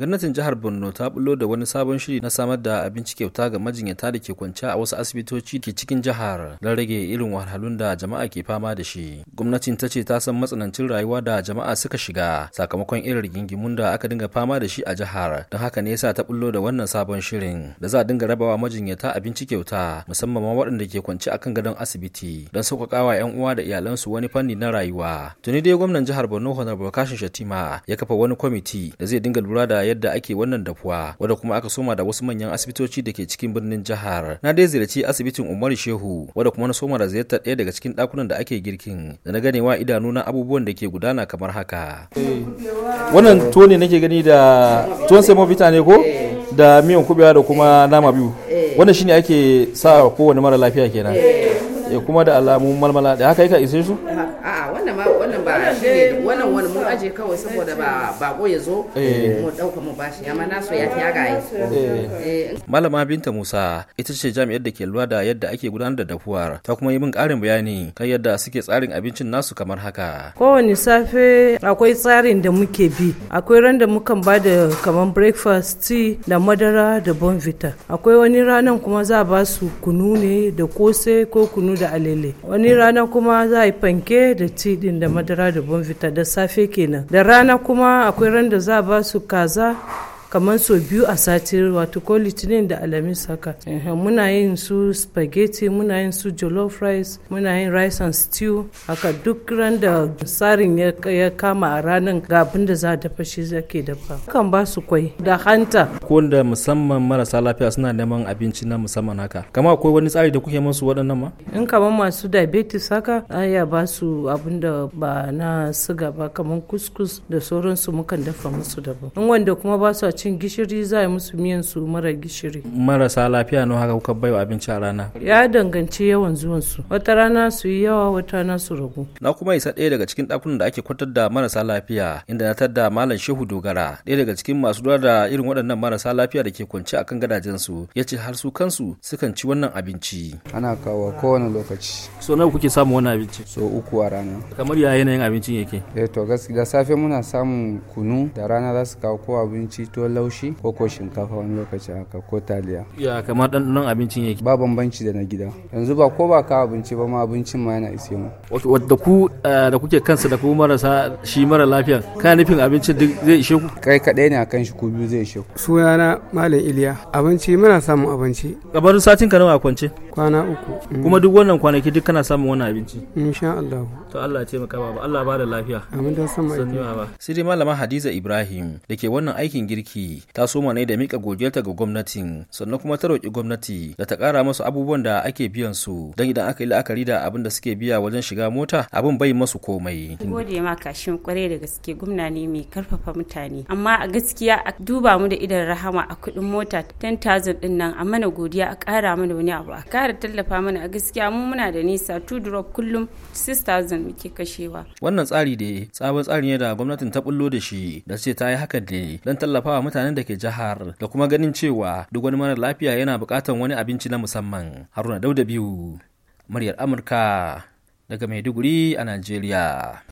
gwamnatin jihar borno ta bullo da wani sabon shiri na samar da abinci kyauta ga majinyata da ke kwanciya a wasu asibitoci ke cikin jihar don rage irin wahalhalun da jama'a ke fama da shi gwamnatin ta ce ta san matsanancin rayuwa da jama'a suka shiga sakamakon irin rigingimun da aka dinga fama da shi a jihar don haka ne yasa ta bullo da wannan sabon shirin da za a dinga rabawa majinyata abinci kyauta musamman ma waɗanda ke kwance akan gadon asibiti don sauƙaƙawa 'yan uwa da iyalansu wani fanni na rayuwa tuni dai gwamnan jihar borno honorable kashin shatima ya kafa wani kwamiti da zai dinga lura da yadda ake wannan dafuwa wadda kuma aka soma da wasu manyan asibitoci da ke cikin birnin jihar na dai ziyarci asibitin umaru shehu wadda kuma na soma da ziyartar ɗaya daga cikin ɗakunan da ake girkin da na gane wa idanu na abubuwan da ke gudana kamar haka wannan tuwo ne nake gani da tuwon semovita ne ko da miyan kubewa da kuma nama biyu wannan shine ake sa kowane mara lafiya kenan eh. Eh, kuma da alamun malmala da haka yaka ka su wannan ba wannan ba ne wannan wani mun aje kawai saboda ba bako ya zo eh. mu dauka mu bashi amma na so ya ta eh. eh. malama binta musa ita ce jami'ar da ke lura da yadda ake gudanar da dafuwar ta kuma yi min karin bayani kan yadda suke tsarin abincin nasu kamar haka kowane safe akwai tsarin da muke bi akwai ran da mukan ba da kamar breakfast tea da madara da bonvita akwai wani ranan kuma za a ba su kunu ne da kose ko kunu da alele wani ranan kuma za a yi panke da tea din da madara da bonvita da safe kenan da rana kuma akwai randa za a ba su kaza kamar so biyu a sati wato ko litinin da alamis haka muna yin su spaghetti muna yin su jollof rice muna yin rice and stew haka duk ran da tsarin ya kama a ranar ga abin da za a dafa shi zake dafa kan ba su kwai da hanta ko da musamman marasa lafiya suna neman abinci na musamman haka kama akwai wani tsari da kuke musu waɗannan ma in kamar masu diabetes haka aya ba su abin da ba na siga ba kamar kuskus da sauransu mukan dafa musu daban in wanda kuma ba su lokacin gishiri za musu miyan su mara gishiri marasa lafiya no haka kuka baiwa abinci a rana ya danganci yawan zuwan su wata rana su yi yawa wata rana su ragu na kuma isa ɗaya daga cikin ɗakunan da ake kwatar da marasa lafiya inda na tadda malam shehu dogara ɗaya daga cikin masu lura da irin waɗannan marasa lafiya da ke kwance akan gadajen su ya ce har su kansu sukan ci wannan abinci ana kawo kowane lokaci so nawa kuke samun wannan abinci so uku a rana kamar ya yanayin abincin yake eh to gaskiya safe muna samun kunu da rana za su kawo ko abinci to laushi ko ko shinkafa wani lokaci haka ko taliya ya kamar ɗanɗanon abincin yake ba bambanci da na gida yanzu ba ko ba ka abinci ba ma abincin ma yana ise mu wadda ku eh, da kuke kansa da kuma marasa shi mara lafiya kana nufin abincin duk zai ishe ku kai kaɗai ne a kan shi ku biyu zai ishe ku sunana malam iliya abinci muna samun abinci Gabarin satin ka nawa kwance kwana uku mm. kuma duk wannan kwanaki duk kana samun wannan abinci insha Allah to Allah ce maka ba Allah ba da lafiya amin da san mai sai dai malama Hadiza Ibrahim da ke wannan aikin girki ta soma ne da mika godiyarta ga gwamnatin sannan kuma ta roki gwamnati da ta kara masu abubuwan da ake biyan su dan idan aka yi la'akari da abin da suke biya wajen shiga mota abin bai masu komai gode ma kashin kware da gaske gwamna ne mai karfafa mutane amma a gaskiya a duba mu da idan rahama a kuɗin mota 10000 din nan a mana godiya a kara mana wani abu a kara tallafa mana a gaskiya mu muna da nisa 2 drop kullum 6000 muke kashewa. Wannan tsari da sabon tsari ne da gwamnatin ta bullo da shi da ce ta yi haka ne don tallafawa mutanen da ke jihar da kuma ganin cewa duk wani mara lafiya yana buƙatar wani abinci na musamman. Haruna Dauda biyu muryar Amurka daga Maiduguri a Najeriya.